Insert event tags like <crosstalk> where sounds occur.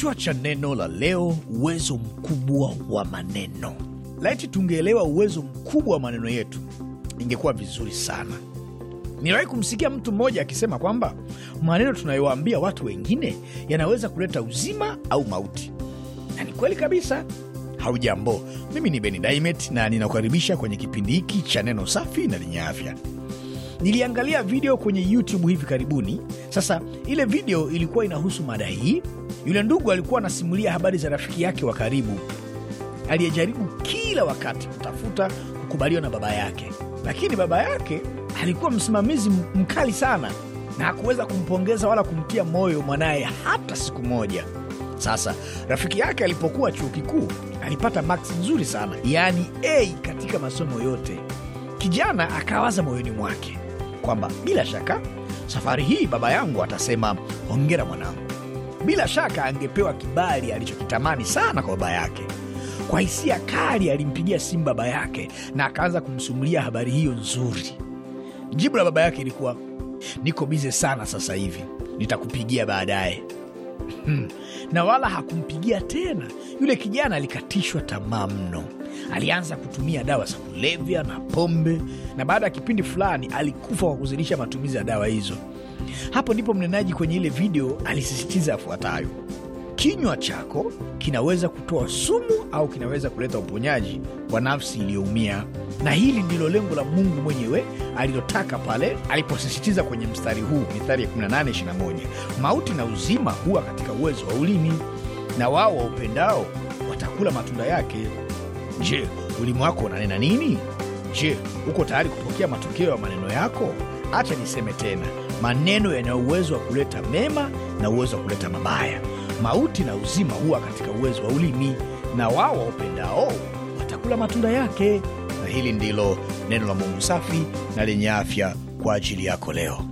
Kichwa cha neno la leo: uwezo mkubwa wa maneno. Laiti tungeelewa uwezo mkubwa wa maneno yetu, ingekuwa vizuri sana. Niliwahi kumsikia mtu mmoja akisema kwamba maneno tunayowaambia watu wengine yanaweza kuleta uzima au mauti, na ni kweli kabisa. Haujambo, mimi ni Beni Daimet na ninakukaribisha kwenye kipindi hiki cha neno safi na lenye afya. Niliangalia video kwenye YouTube hivi karibuni. Sasa ile video ilikuwa inahusu mada hii. Yule ndugu alikuwa anasimulia habari za rafiki yake wa karibu aliyejaribu kila wakati kutafuta kukubaliwa na baba yake, lakini baba yake alikuwa msimamizi mkali sana na hakuweza kumpongeza wala kumtia moyo mwanaye hata siku moja. Sasa rafiki yake alipokuwa chuo kikuu alipata maksi nzuri sana, yaani A katika masomo yote. Kijana akawaza moyoni mwake, kwamba bila shaka safari hii baba yangu atasema hongera mwanangu. Bila shaka angepewa kibali alichokitamani sana kwa baba yake. Kwa hisia kali alimpigia simu baba yake na akaanza kumsumulia habari hiyo nzuri. Jibu la baba yake ilikuwa niko bize sana sasa hivi, nitakupigia baadaye. <laughs> na wala hakumpigia tena. Yule kijana alikatishwa tamaa mno alianza kutumia dawa za kulevya na pombe, na baada ya kipindi fulani alikufa kwa kuzidisha matumizi ya dawa hizo. Hapo ndipo mnenaji kwenye ile video alisisitiza yafuatayo: kinywa chako kinaweza kutoa sumu au kinaweza kuleta uponyaji kwa nafsi iliyoumia, na hili ndilo lengo la Mungu mwenyewe alilotaka pale aliposisitiza kwenye mstari huu, mithali ya 18:21, mauti na uzima huwa katika uwezo wa ulimi, na wao waupendao watakula matunda yake. Je, ulimi wako unanena nini? Je, uko tayari kupokea matokeo ya maneno yako? Acha niseme tena, maneno yana uwezo wa kuleta mema na uwezo wa kuleta mabaya. Mauti na uzima huwa katika uwezo wa ulimi, na wao waupendao watakula matunda yake. Na hili ndilo neno la Mungu safi na lenye afya kwa ajili yako leo.